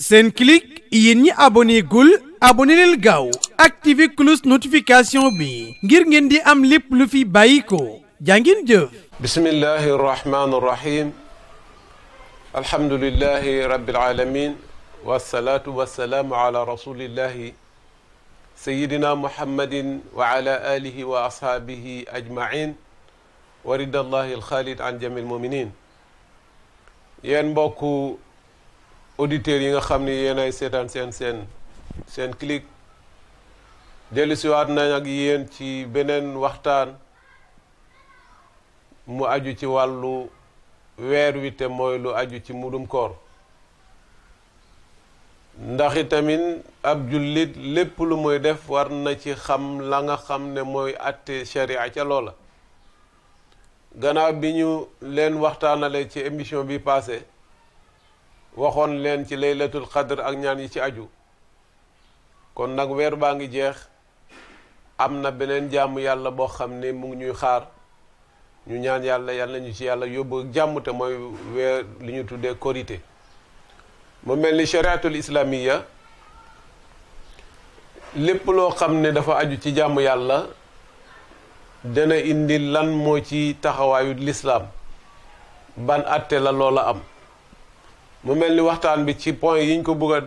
Senclic yéen ñi abonné gul abonné leen gaaw activé cloche notification bi ngir ngeen di am lépp lu fi bàyyi ko jàngin jëf bismillahi rahmaani rahim alhamdulillahi rabbil alamin wasalaatu wasalaamu ala rasulillahi sayidina muhammadin wa ala alihi wa ashaabihi ajmain wa ridallahi alxaalid an jami almuminin yéen mbokku auditeurs yi nga xam ni yéen ay seetaan seen seen seen clic dellusiwaat nañ ak yéen ci beneen waxtaan mu aju ci wàllu weer wi te mooy lu aju ci mudum koor ndax tamit ab jullit lépp lu muy def war na ci xam la nga xam ne mooy àtte sharia ca loola gannaaw bi ñu leen waxtaanale ci émission bi passé waxoon leen ci laylatul qadr ak ñaan yi ci aju kon nag weer baa ngi jeex am na beneen jàmm yàlla boo xam ne mu ngi ñuy xaar ñu ñaan yàlla yàlla ñu ci yàlla yóbbu jàmm te mooy weer li ñu tuddee korité mu mel ni chariatul islamiya lépp loo xam ne dafa aju ci jàmm yàlla dana indi lan moo ci taxawaayu lislaam ban àtte la loola am mu mel ni waxtaan bi ci point yi ñu ko bëgg a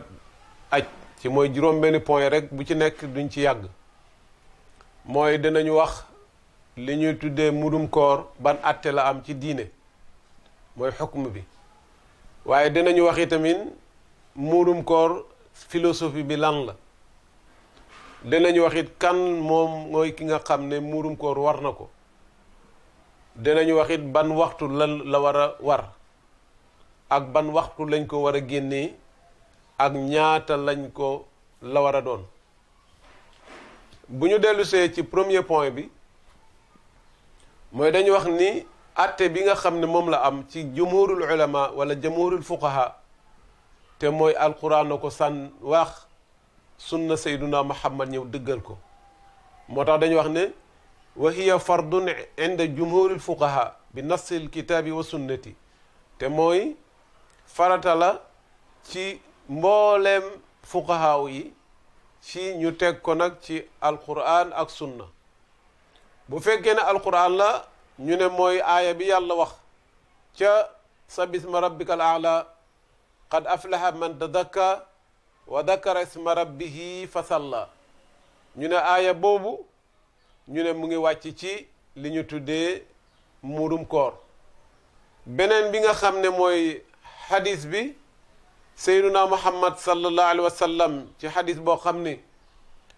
aj ci mooy juróom benn point rek bu ci nekk duñ ci yàgg mooy dinañu wax li ñuy tuddee murum koor ban àtte la am ci diine mooy xukm bi waaye dinañu wax itamit mudum koor philosophie bi lan la dinañu wax it kan moom mooy ki nga xam ne mudum koor war na ko dinañu wax it ban waxtu lan la war a war ak ban waxtu lañ ko war a génnee ak ñaata lañ ko la war a doon bu ñu dellusee ci premier point bi mooy dañu wax ni atte bi nga xam ne moom la am ci jumhurul ulama wala jumhurul fuqaha te mooy alquran na ko sànn wax sunna sayduna muhammad ñëw dëggal ko moo tax dañu wax ne wa hiya ne inda jumhuril fuqaha bi nassil kitaabi wa sunnati te mooy farata la ci mbooleem fuqahaaw yi ci ñu teg ko nag ci alquran ak sunna bu fekkee ne alquran la ñu ne mooy aaya bi yàlla wax ca sabisma rabbika al aala qad aflaha man tadakka wa dakara isma rabbihi fa salla ñu ne aaya boobu ñu ne mu ngi wàcc ci li ñu tuddee muurum koor beneen bi nga xam ne mooy xadis bi seyduna muhammad sallallahu alayhi wa sallam ci xadis boo xam ni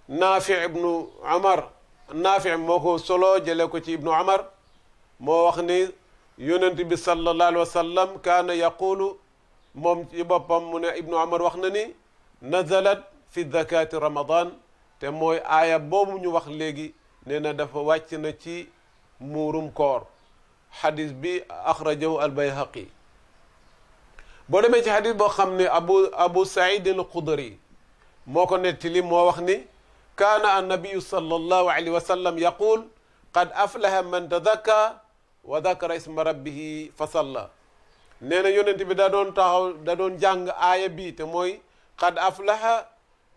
naafi ibnu amar naafi moo ko solo jële ko ci ibnu amar moo wax ni yonent bi sallallahu alayhi salam sallam kaana yaqulu moom ci boppam mu ne ibnu amar wax na ni nazalat fi zakati ramadan te mooy aaya boobu ñu wax léegi ne na dafa wàcc na ci muurum koor xadis bi axrajahu albayhaqi boo demee ci xadis boo xam ne abu abu saïd al xudri moo ko nettali moo wax ni kaana annabiyu sallallahu alayhi wa sallam yaqul qad aflaha man tadakka wa dakara isma rabbihi fa salla nee na yonent bi da doon taxaw da doon jàng aaya bii te mooy qad aflaha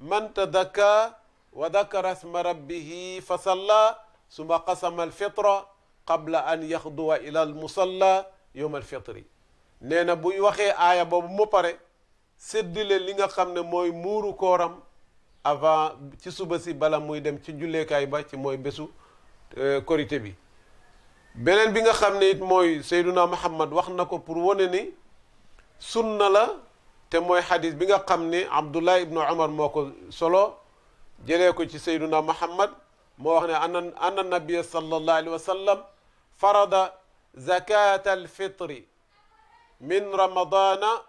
man tadakka wa dakara isma rabbihi fa salla suma qasama alfitra qabla an yaxduwa ila almusalla yowma alfitri nee na buy waxee aaya boobu mu pare séddale li nga xam ne mooy muuru kooram avant ci suba si bala muy dem ci julleekaay ba ci mooy bésu euh, korité bi beneen bi nga xam ne it mooy Seyduna Muhammad wax na ko pour wane ni sunna la te mooy xadis bi nga xam ne Abdullah ibnu Umar moo ko solo jëlee ko ci Seyduna Muhammad moo wax ne ana anna nabia sallallahu alayhi wa sallam farada zakat al fitri min ramadana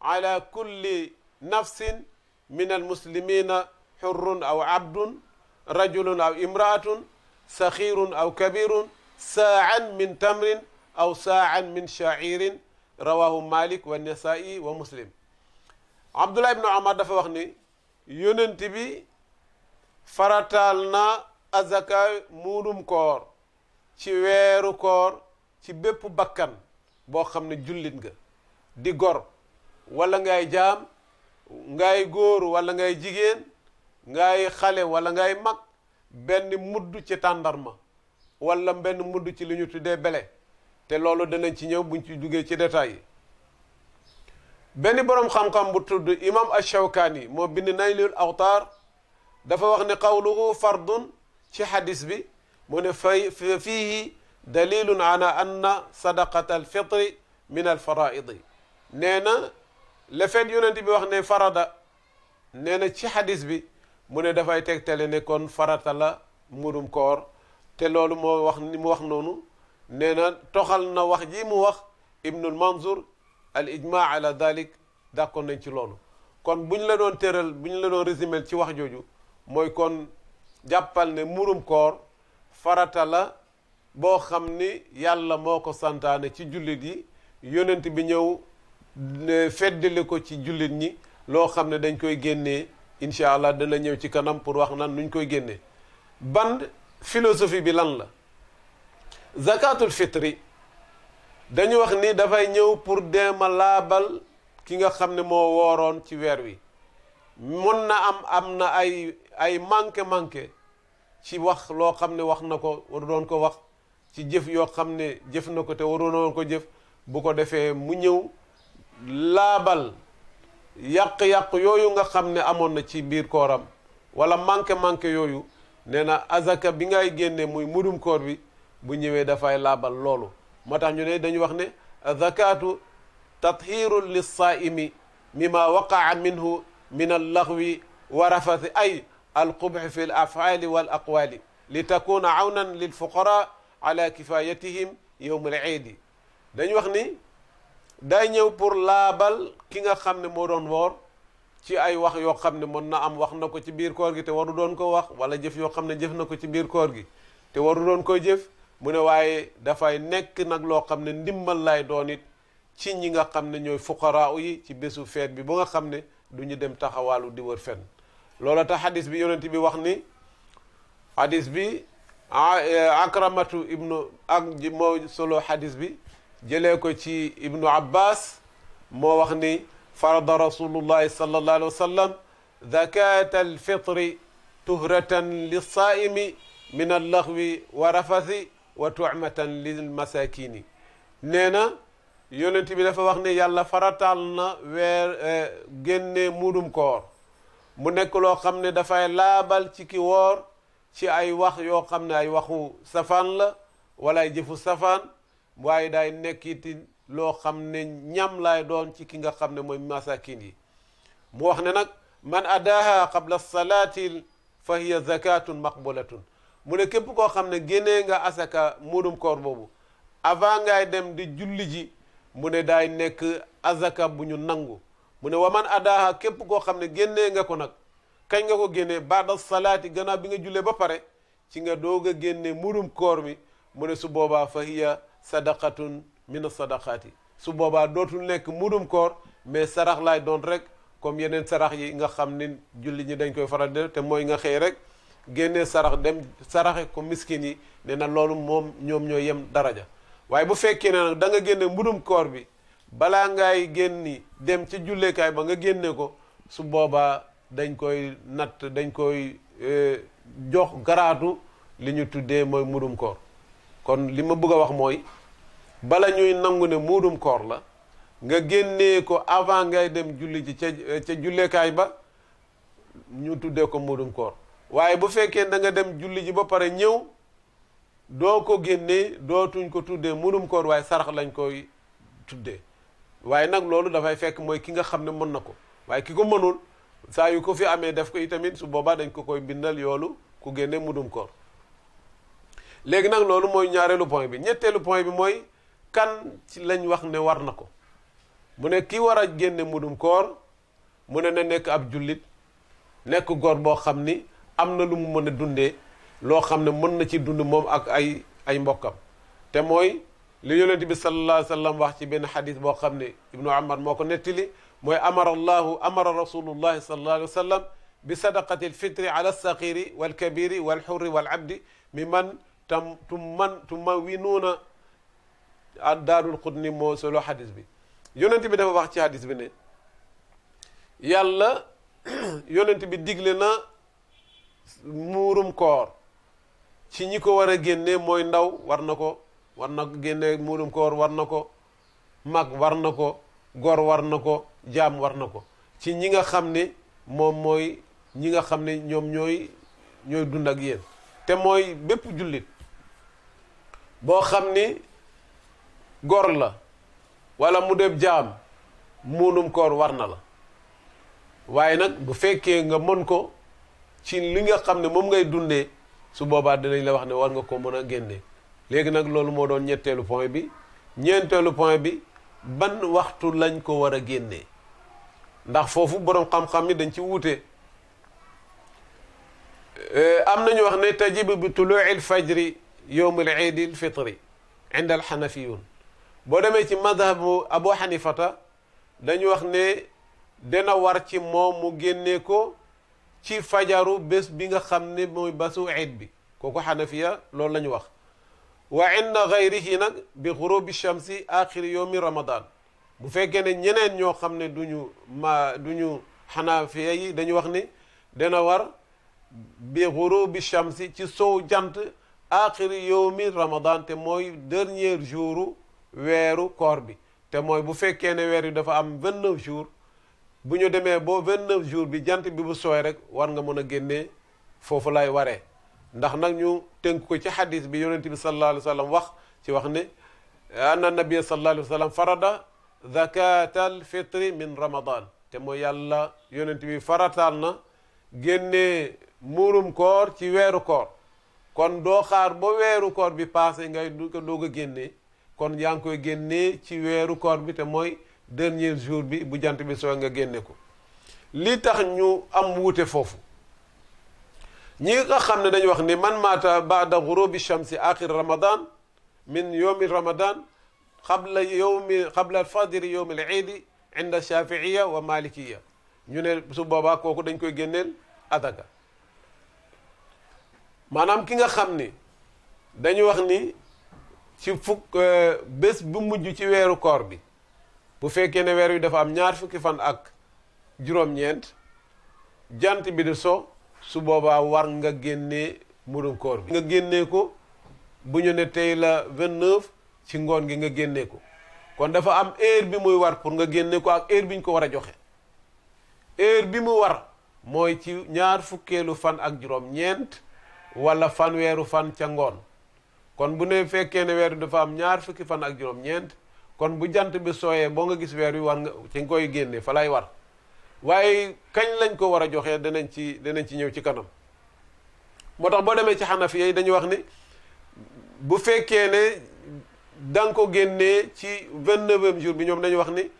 ala kulli nafsin min almuslimina xurrun aw abdun rajulun aw imraatun saxirun aw kabirun saan min tamrin aw saan min shacirin rawahu malik wa nasai wa muslim abdullah ibnu omar dafa wax ni yonent bi farataal na azaka muudum koor ci weeru koor ci bépp bakkan boo xam ne jullit nga di gor walla ngay jaam ngay góor walla ngay jigéen ngay xale wala ngay mag benn mudd ci tàndarma walla benn mudd ci li ñu tuddee bele te loolu danañ ci ñëw buñ ci duggee ci détails yi benn boroom xam-xam bu tudd imam ash yi moo bind Naylul Awtaar dafa wax ne qawluhu fardun ci xadis bi mu ne fay fiihi dalilun ala anna sadaqata alfitri min alfaraidi nee na le fait bi wax ne farada nee na ci xadis bi mu ne dafay tegtale ne kon farata la murum koor te loolu moo wax ni mu wax noonu nee na toxal na wax ji mu wax ibnul manzur al ijma ala dalik d'accord nañ ci loolu kon bu la doon tëral buñ la doon résumé ci wax jooju mooy kon jàppal ne murum koor farata la boo xam ni yàlla moo ko santaane ci jullit yi yonent bi ñëw feddali ko ci jullit ñi loo xam ne dañ koy génnee incha allah dana ñëw ci kanam pour wax na nuñ koy génnee ban philosophie bi lan la zakaatul fitri dañu wax ni dafay ñëw pour deema laabal ki nga xam ne moo wooroon ci weer wi mën na am am na ay ay manqué manqué ci wax loo xam ne wax na ko doon ko wax ci jëf yoo xam ne jëf na ko te waroon woon ko jëf bu ko defee mu ñëw laabal yàq-yàq yooyu nga xam ne amoon na ci biir kooram wala manqué-manqué yooyu nee na azaka bi ngay génne muy mudum koor bi bu ñëwee dafay laabal loolu moo tax ñu ne dañu wax ne azakaatu tathiirun mi mima waqaa minhu min allaghwi wa rafasi ay alqubxi fi l afaali wal aqwaali li takuna awnan lilfuqara ala kifayatihim yowmal iidi dañ wax ni day ñëw pour laabal ki nga xam ne moo doon woor ci ay wax yoo xam ne mën na am wax na ko ci biir koor gi te waru doon ko wax wala jëf yoo xam ne jëf na ko ci biir koor gi te waru koy jëf mu ne waaye dafay nekk nag loo xam ne ndimbal lay doon it ci ñi nga xam ne ñooy fuqaraaw yi ci bésu feet bi ba nga xam ne du ñu dem taxawaalu di wër fenn loola tax hadis bi yonent bi wax ni hadis bi E, akramatu ibnu ak moo solo xadis bi jëlee ko ci ibnu abbas moo wax ni farada rasulullahi sallallahu alayhi wa sallam zakata alfitri tuhratan lilsaaimi min allaxwi wa rafasi wa tucmatan lilmasakini nee na yonent bi dafa wax ne yàlla farataal na weer e, génne muudum koor mu nekk loo xam ne dafay laabal ci ki woor ci ay wax yoo xam ne ay waxu safaan la wala ay jëfu safaan waaye daay nekkiti loo xam ne ñam laay doon ci ki nga xam ne mooy masakin yi mu wax ne nag man adaha qabla salaati fa hiya zakatun maqbulatun mu ne képp koo xam ne génnee nga asaka muudum koor boobu avant ngay dem di julli ji mu ne daay nekk azaka bu ñu nangu mu ne wa man adaha képp koo xam ne génnee nga ko nag kañ nga ko génnee baada salaati gannaaw bi nga jullee ba pare ci nga doog a génne mburum koor bi mu ne su boobaa fa hiya sadaqatun min sadaqaati su boobaa dootul nekk mburum koor mais saraxlaay doon rek comme yeneen sarax yi nga xam ni julli ñi dañ koy faral di te mooy nga xëy rek génne sarax dem saraxe ko miskin yi nee na loolu moom ñoom ñoo yem daraja waaye bu fekkee ne nag da nga génne mburum koor bi balaa ngay génni dem ci julleekaay ba nga génne ko su boobaa dañ koy natt dañ koy eh, jox garaatu li ñu tuddee mooy muudum koor kon li ma bëgg a wax mooy bala ñuy nangu ne muudum koor la nga génnee ko avant ngay dem julli ji ca ca julleekaay ba ñu tuddee ko muudum koor waaye bu fekkee da nga dem julli ji ba pare ñëw doo ko génnee dootuñ ko tuddee muudum koor waaye sarax lañ koy tuddee waaye nag loolu dafay fekk mooy ki nga xam ne mën na ko waaye ki ko mënul saa yu ko fi amee def ko tamit su boobaa dañ ko koy bindal yoolu ku génnee mudum koor léegi nag loolu mooy ñaareelu point bi ñetteelu point bi mooy kan ci lañ wax ne war na ko mu ne ki war a génne mudum koor mu ne na nekk ab jullit nekk góor boo xam ni am na lu mu mën a dundee loo xam ne mën na ci dund moom ak ay ay mbokkam te mooy li yonent bi sallallahu alayhi wa sallam wax ci benn xadis boo xam ne ibnu amar moo ko nettali mooy amara llahu amara rasulullahi sallallahu alayhi wa sallam bi sadaqati alfitri ala alsaqiri walkabiri walxurri walabdi mi man tam tum man tumma wi nuuna daarul xudni moo solo xadis bi yonent bi dafa wax ci xadis bi ne yàlla yonent bi digle na muurum koor ci ñi ko war a génne mooy ndaw war na ko war na ko génne muurum koor war na ko mag war na ko gor war na ko jaam war na ko ci ñi nga xam ne moom mooy ñi nga xam ne ñoom ñooy ñooy dund ak yéen te mooy bépp jullit boo xam ni gor la wala mu dem jaam muunum koor war na la waaye nag bu fekkee nga mën ko ci li nga xam ne moom ngay dundee su boobaa dinañ la wax ne war nga ko mën a génne léegi nag loolu moo doon ñetteelu point bi ñeenteelu point bi ban waxtu lañ ko war a génnee ndax foofu boroom xam-xam yi dañ ci wuute euh, am nañu wax ne tajib bi tuluuci lfajri yowm al iidi lfitri inda alxanafiyun boo demee ci madhabu abu xanifata dañu wax ne dina war ci moom mu génnee ko ci fajaru bés bi nga xam ne mooy basu iid bi kooku xanafiya loolu la ñu wax wa inda gayrihi nag bi xurubi shamsi axiri yowmi ramadan bu fekkee ne ñeneen ñoo xam ne duñu ma duñu xanaa xanaafiya yi dañu wax ni dana war bi xurubi shamsi ci sow jant axiri yowmi ramadan te mooy dernier jouru weeru koor bi te mooy bu fekkee ne weer yi dafa am vingt neuf jours bu ñu demee boo vingt neuf jours bi jant bi bu sooy rek war nga mën a génnee foofu lay waree ndax nag ñu tënk ko ci xadis bi yonente bi sallallahu alayhi sallam wax ci wax ne anna nabia sallallahu alayhi wa sallam farada zakatal fitri min ramadan te mooy yàlla yonente bi farataal na génnee muurum koor ci weeru koor kon doo xaar ba weeru koor bi passé ngay du ko a génnee kon yaa ngi koy génnee ci weeru koor bi te mooy dernier jour bi bu jant bi soo nga génne ko li tax ñu am wuute foofu ñi nga xam ne dañu wax ni man maata baada gurubi shamsi axir ramadan min yowmi ramadan qabla yowmi qabla alfadiri yowmi aliidi inda shafiiya wa malikiya ñu ne boobaa kooku dañ koy génneel adaka maanaam ki nga xam ni dañu wax ni ci fukk euh, bés bu mujj ci weeru koor bi bu fekkee ne weer wi dafa am ñaar fukki fan ak juróom-ñeent jant bi di so su boobaa war nga génne mudum koor bi nga génnee ko bu ñu ne tey la vingt neuf ci ngoon gi nga génnee ko kon dafa am heure bi muy war pour nga génnee ko ak heure bi ñu ko war a joxe heure bi mu war mooy ci ñaar fukkeelu fan ak juróom-ñeent wala fanweeru fan ca ngoon kon bu ne fekkee ne weer bi dafa am ñaar fukki fan ak juróom-ñeent kon bu jant bi sooyee boo nga gis weer wi war nga ci nga génnee fa lay war waaye kañ lañ ko war a joxe danañ ci danañ ci ñëw ci kanam moo tax boo demee ci xanafi yi dañuy wax ni bu fekkee ne da nga ko génnee ci vingt-neuvième jour bi ñoom dañu wax ni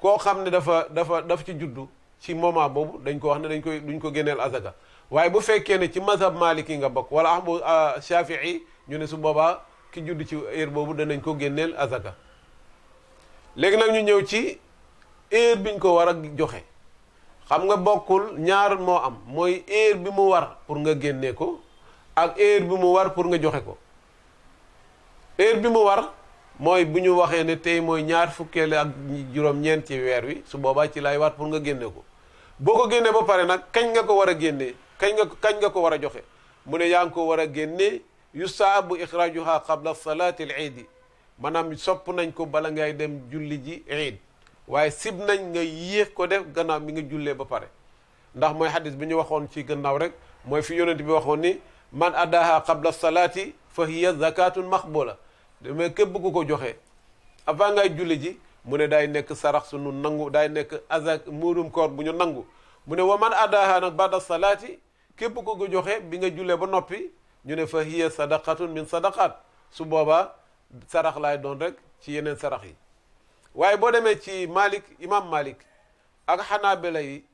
koo xam ne dafa dafa daf ci juddu ci moment boobu dañ ko wax ne dañ koy duñ ko génneel azaka waaye bu fekkee ne ci mazhab maliki yi nga bokk wala ahbu ah, shafii ñu ne su boobaa ki judd ci heure boobu danañ koo génneel azaka léegi nag ñu ñëw ci heure biñ ko war a joxe xam nga bokkul ñaar moo am mooy heure bi mu war pour nga génne ko ak heure bi mu war pour nga joxe ko heure bi mu war mooy bu ñu waxee ne tey mooy ñaar fukkeele ak juróom-ñeent ci weer wi su boobaa ci lay war pour nga génne ko boo ko génnee ba pare nag kañ nga ko war a génnee kañ nga kañ nga ko war a joxe mu ne yaa ngi ko war a génnee yu saabu ixraajuha qabla salaati al iid maanaam sopp nañ ko bala ngay dem julli ji iid waaye sib nañ nga yéex ko def gannaaw bi nga jullee ba pare ndax mooy xadis bi ñu waxoon ci gannaaw rek mooy fi yonent bi waxoon ni man addaha qabla salaati fa hiya zakatun maqbula mais képp ku ko joxe avant ngay julli ji mu ne daay nekk sarax sunu nangu daay nekk azak muurum koor bu ñu nangu mu ne wa man addaha nag bada salaati képp ku ko joxe bi nga jullee ba noppi ñu ne fa hiya sadaqatun min sadaqat su boobaa sarax laay doon rek ci yeneen sarax yi waaye boo demee ci malik imam malik ak xanaabila yi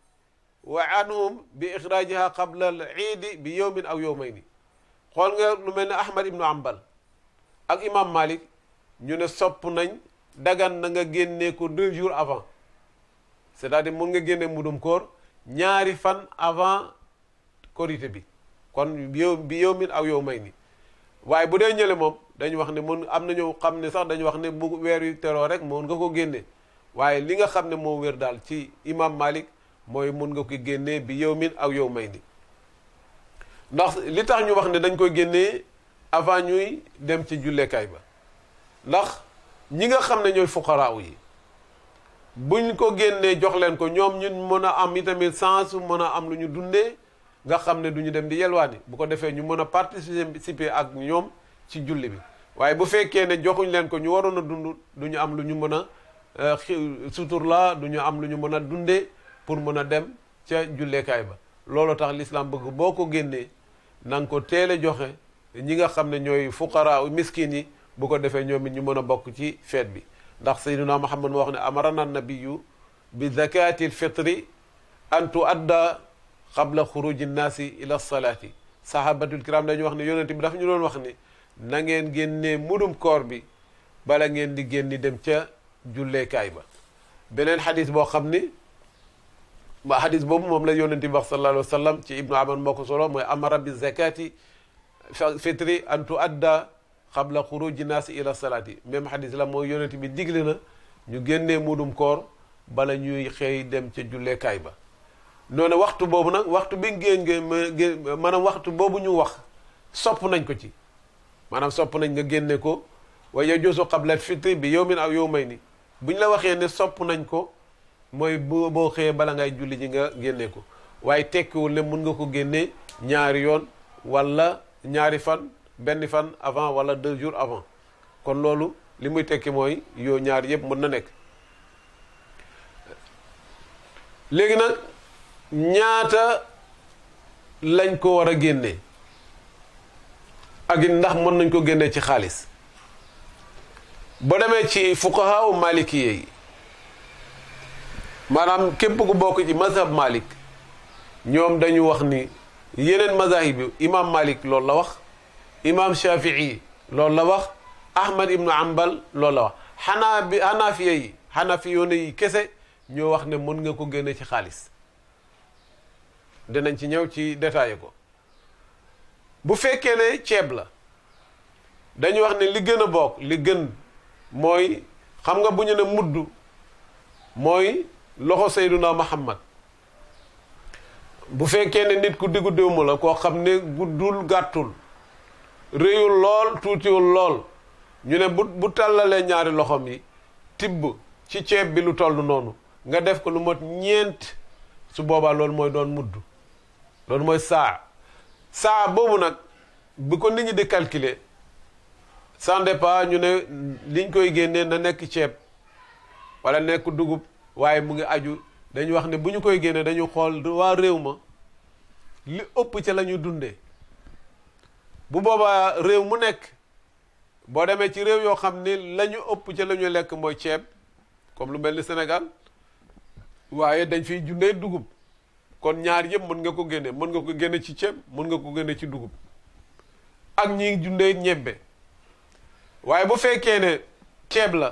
wa anhum bi ixraajiha qabla al iidi bi yowmin aw yowmayni xool nga lu mel ne ahmad ibnu ambal ak imam malik ñu ne sopp nañ dagan na nga génnee ko deux jours avant c'est-à-dire mun nga génne mudum koor ñaari fan avant korité bi kon yow bi yowmin aw yowmayni waaye bu dee ñële moom dañu wax ne mun am na ñoo xam ne sax dañu wax ne bu weer yu teroo rek mun nga ko génne waaye li nga xam ne moo wér daal ci imam Malik mooy mën nga ko génnee bi yow min ak yow may ni ndax li tax ñu wax ne dañ koy génnee avant ñuy dem ci jullekaay ba ndax ñi nga xam ne ñooy fuqaraaw yi buñ ko génnee jox leen ko ñoom ñun mën a am itamit sens mën a am lu ñu dundee nga xam ne du ñu dem di yi bu ko defee ñu mën a participer ak ñoom ci julli bi waaye bu fekkee ne joxuñ leen ko ñu waroon a dund du ñu am lu ñu mën a euh, sutur la du ñu am lu ñu mën a dundee pour mën a dem ca julleekaay ba looloo tax l'islam bëgg boo ko génnee na ko teel a joxe ñi nga xam ne ñooy fuqara miskin yi bu ko defee ñoom it ñu mën a bokk ci feet bi ndax sayyiduna Muhammad moo wax ne amarana nabiyu bi zakati l fitri an tuadda qabla xuruji i ila salaati sahabatul kiram dañu wax ne yonent bi dafa ñu doon wax ni na ngeen génnee mudum koor bi bala ngeen di génni dem ca julleekaay ba beneen xadis boo xam ni ma xadis boobu moom la yonent bi wax sallallahu alayhi wa sallam ci ibnu aman moo ko solo mooy amara bi zakati fitri an tuadda qabla xuruji naasi ila salaati même xadis la mooy yonent bi digle na ñu génnee mudum koor bala ñuy xëy dem ca julleekaay ba noonu waxtu boobu nag waxtu bi ngeen ngeen maanaam waxtu boobu ñu wax sopp nañ ko ci maanaam sopp nañ nga génne ko waaye yajuusu qabla fitri bi yawmin aw yawmayni bu ñu la waxee ne sopp nañ ko mooy boo xëyee bala ngay julli ñi nga génne ko waaye tekkiwul ne mun nga ko génne ñaari yoon wala ñaari fan benn fan avant wala deux jours avant kon loolu li muy tekki mooy yoo ñaar yëpp mën na nekk léegi nag ñaata lañ ko war a génne ak ndax mën nañ ko génne ci xaalis boo demee ci fuqahaaw malikiye yi maanaam képp ku bokk ci mazhab malik ñoom dañu wax ni yeneen mazahib yi imaam malik loolu la wax imaam shafii loolu la wax ahmad ibnu ambal loolu la wax xanaa bi xanaafiye yi xanaafiyoone yi kese ñoo wax ne mën nga ko génne ci xaalis dinañ ci ñëw ci détaillé ko bu fekkee ne ceeb la dañu wax ne li gën a bokk li gën mooy xam nga bu ñu ne mudd mooy loxo Seyduna Muhammad bu fekkee ne nit ku diggu déwmu la koo xam ne guddul gàttul réyul lool tuutiwul lool ñu ne bu bu tàllalee ñaari loxoom yi tibb ci ceeb bi lu toll noonu nga def ko lu mot ñeent su boobaa loolu mooy doon mudd loolu mooy saa saa boobu nag bu ko nit ñi di calculer sans ñu ne liñ koy génnee na nekk ceeb wala nekk dugub waaye mu ngi aju dañu wax ne bu ñu koy génnee dañu xool waa réew ma li ëpp ca la ñu dundee bu boobaa réew mu nekk boo demee ci réew yoo xam ni lañu ëpp ca la lekk mooy ceeb comme lu mel ni senegal waaye dañ fi jundee dugub kon ñaar yëpp mën nga ko génne mën nga ko génne ci ceeb mën nga ko génne ci dugub ak ñi dundee ñebbe waaye bu fekkee ne ceeb la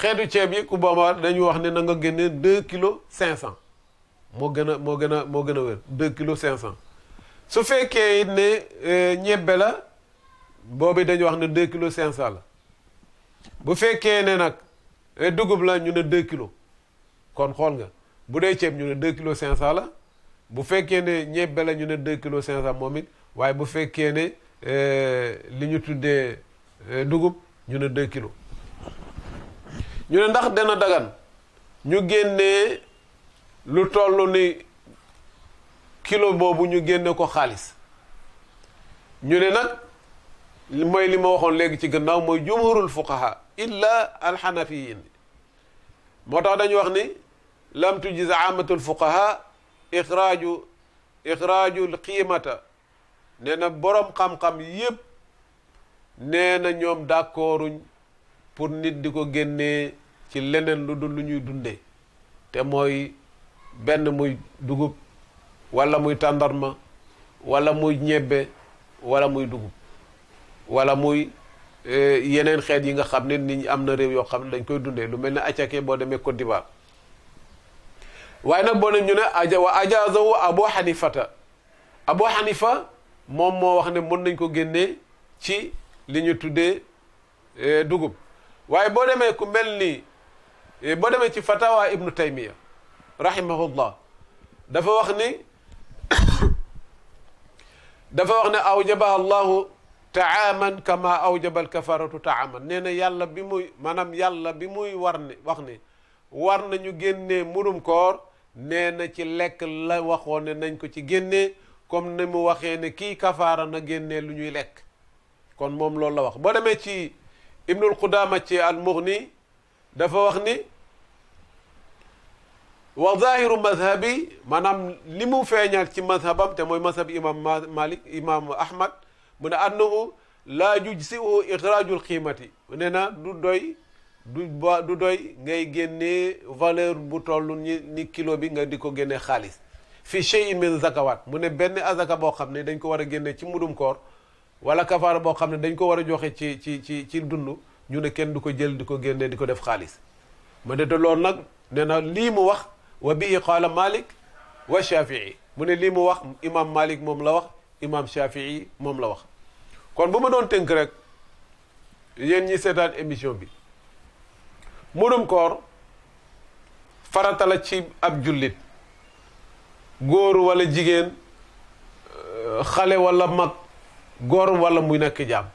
xeetu ceeb yi ku booba dañu wax ne na nga génne kilos cinq cent moo gën a moo gën a moo gën a wér deux kilos su fekkee ne euh, ñebbe la boobu dañu wax ne deux kilos cinq cent la bu fekkee ne nag euh, dugub la ñu ne deux kilos kon xool nga bu dee ceeb ñu ne 2 kilos 500 la bu fekkee ne ñebbe la ñu ne 2 kilos 500 moom it waaye bu fekkee ne euh, li ñu tuddee euh, dugub ñu ne 2 ñu ne ndax dana dagan ñu génnee lu tollu ni kilo boobu ñu génne ko xaalis ñu ne nag mooy li ma waxoon léegi ci gannaaw mooy jumhurul alxana illa alxanafiyin moo tax dañu wax ni lam tujiz amatul fuqaha ixraaju ixraajul qiimata nee na boroom xam-xam yépp nee na ñoom d'accorduñ pour nit di ko génnee ci leneen lu dul lu ñuy dundee te mooy benn muy dugub walla muy tàndarma wala muy ñebbe walla muy dugub wala muy eh, yeneen xeet yi nga xam ne nit ñi am na rew yoo xam ne dañ koy dundee lu mel ne acake boo demee ko d'Ivoire waaye nag boo ne ñu ne aja wa ajazahu abu xanifata abu xanifa moom moo wax ne mën nañ ko génnee ci li ñu tuddee e, dugub waaye boo demee ku mel ni e, boo demee ci fatawa ibnu taymiya rahimahullah dafa wax ni dafa wax ne awjabaha allahu taaman kama awjaba alkafaratu taaman nee na yàlla bi muy maanaam yàlla bi muy war ne wax ne war nañu génnee murum koor nee na ci lekk la waxoon ne nañ ko ci génne comme ni mu waxee ne kii kafaara na génne lu ñuy lekk kon moom loolu la wax boo demee ci ibnul Qudaama ci al ni dafa wax ni wa zahiru madhabi maanaam li mu feeñal ci madhabam te mooy madhab imam Malik imam Ahmad mu ne annahu laa ju yujzi'uhu ixraajul qiimati nee na du doy du ba du doy ngay génnee valeur bu toll ni ni kilo bi nga di ko génne xaalis fi shay'in min zakawaat mu ne benn azaka boo xam ne dañ ko war a génne ci mudum koor wala kafaara boo xam ne dañ ko war a joxe ci ci ci ci dund ñu ne kenn du ko jël di ko génne di ko def xaalis ma ne te loolu nag nee lii mu wax wa bii qaala Malik wa Shafii mu ne lii mu wax imam Malik moom la wax imam Shafii moom la wax kon bu ma doon tënk rek yéen ñi seetaan émission bi mburum koor faratala ci ab jullit góor wala jigéen euh, xale walla mag góor wala muy nekk jaam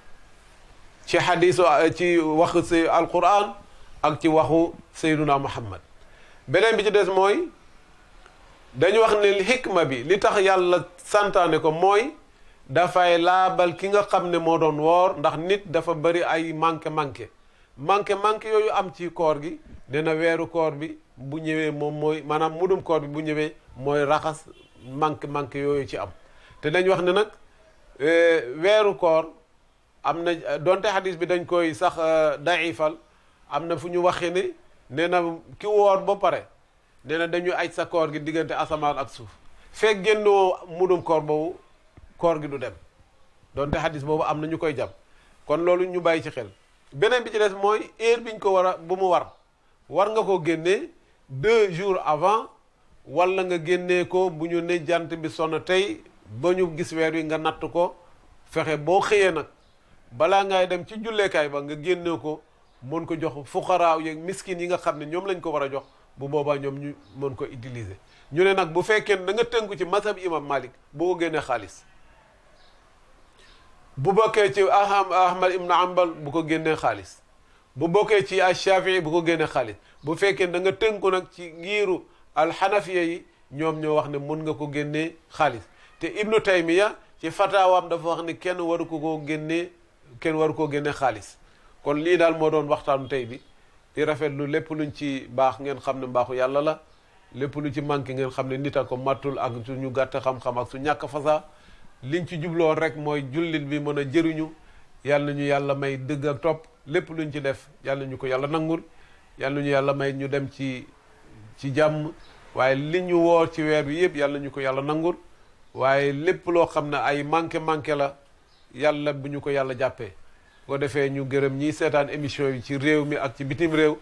ci xadiisu euh, ci wax si ak ci waxu sayduna muhammad beneen bi ci des mooy dañu wax ne xikma bi li tax yàlla santaane ko mooy dafay laabal ki nga xam ne moo doon woor ndax nit dafa bari ay manqué-manqué manqué manqué yooyu am ci koor gi dina weeru koor bi bu ñëwee moom mooy maanaam mudum koor bi bu ñëwee mooy raxas manqué manqué yooyu ci am te dañ wax ne nag eh, weeru koor am na donte xadis bi dañ koy sax eh, daifal am na fu ñu waxee ni nee na ki woor ba pare nee na dañu aj sa koor gi diggante asamaan ak suuf fee génnoo mudum koor boobu koor gi du dem donte xadis boobu am na ñu koy jàpp kon loolu ñu bàyyi ci xel beneen bi ci des mooy heure bi ñu ko war a bu mu war war nga ko génne deux jours avant walla nga génnee ko bu ñu ne jant bi sonn tey ba ñu gis weer wi nga natt ko fexe boo xëyee nag balaa ngay dem ci julleekaay ba nga génnee ko mën ko jox fuqaraaw yeeg miskin yi nga xam ne ñoom lañ ko war a jox bu boobaa ñoom ñu mën ko utiliser ñu ne nag bu fekkee da nga tënku ci masab imam Malik boo génnee xaalis bu bokkee ci aham ahmad ibn ambal bu ko génnee xaalis bu bokkee ci ashafii bu ko génnee xaalis bu fekkee da nga tënku nag ci ngiiru alxanafiya yi ñoom ñoo wax ne mun nga ko génnee xaalis te ibnu taymiya ci fataawaam dafa wax ne kenn waru ko koo génnee kenn waru koo génnee xaalis kon lii daal moo doon waxtaanu tey bi di rafetlu lépp luñ ci baax ngeen xam ne mbaaxu yàlla la lépp lu ci manqué ngeen xam ne nit a ko mattul ak suñu gàtt xam-xam ak su ñàkk fasaa liñ ci jubloon rek mooy jullit bi mën a jëriñu yàlla ñu yàlla may dëgg ak topp lépp luñ ci def yàlla ñu ko yàlla nangul yàlla ñu yàlla may ñu dem ci ci jàmm waaye li ñu woor ci yëpp yàlla ñu ko yàlla nangul waaye lépp loo xam ne ay manqué manqué la yàlla bu ñu ko yàlla jàppee boo defee ñu gërëm ñiy seetaan émission yi ci réew mi ak ci bitim réew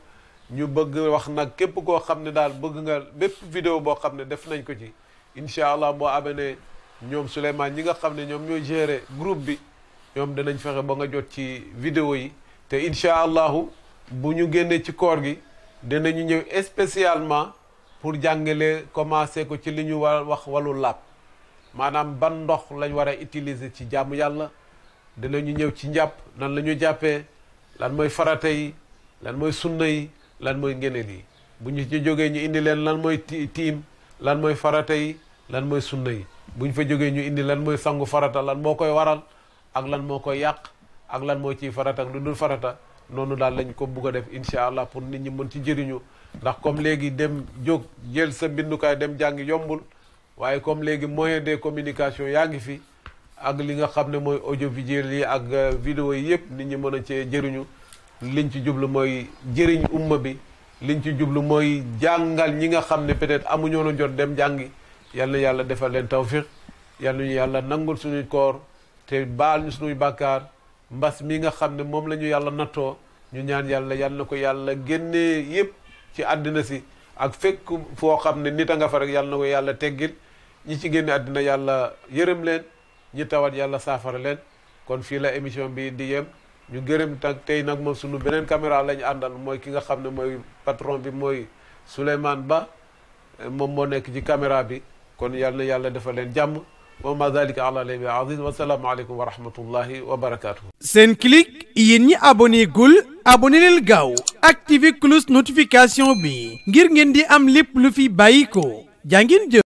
ñu bëgg wax nag képp koo xam ne daal bëgg nga bépp vidéo boo xam ne def nañ ko ci incha allah boo abonné ñoom Souleymane ñi nga xam ne ñoom ñooy gérer groupe bi ñoom danañ fexe ba nga jot ci vidéo yi te incha allahu bu ñu génnee ci koor gi danañu ñëw spécialement pour jàngale commencé ko ci li ñu war wax wallu làpp maanaam ban ndox lañ war a utiliser ci jaamu yàlla dinañu ñëw ci njàpp nan la ñu jàppee lan mooy farata yi lan mooy sunna yi lan mooy ngeneel yi bu ñu ci jógee ñu indi leen lan mooy tiim lan mooy farata yi lan mooy sunna yi buñ fa jógee ñu indi lan mooy sangu farata lan moo koy waral ak lan moo koy yàq ak lan moo ciy farata lu dul farata noonu daal lañ ko bugg a def incha allah pour nit ñi mën ci jëriñu ndax comme léegi dem jóg jël sa bindukaay dem jàngi yombul waaye comme léegi mooy de communication yaa ngi fi ak li nga xam ne mooy bi audiovisuel yi ak euh, vidéo yi yëpp nit ñi mën a cee jëriñu liñ ci jublu mooy jëriñ umma bi liñ ci jublu mooy jàngal ñi nga xam ne peut-être amuñoon a jot dem jàngi yal na yàlla defal leen tawfiq yal ñu yàlla nangul suñuy koor te baal ñu suñuy bàkkaar mbas mi nga xam ne moom la ñu yàlla nattoo ñu ñaan yàlla yal na ko yàlla génnee yépp ci àddina si ak fekk foo xam ne nit a nga fa rek na ko yàlla teggil ñi ci génne àddina yàlla yërëm leen ñi tawat yàlla saafara leen kon fii la émission bi di yem ñu gërëm tag tey nag moom suñu beneen caméra lañu àndal mooy ki nga xam ne mooy patron bi mooy Souleymane Ba moom moo nekk ci caméra bi kon yal yàlla defal leen jàmm wa ma dalika ala leen bi aziz wa salaamu aleykum wa yéen ñi abonné gul abonné leen gaaw activé cloche notification bi ngir ngeen di am lépp lu fi bàyyi ko jaa ngeen jëf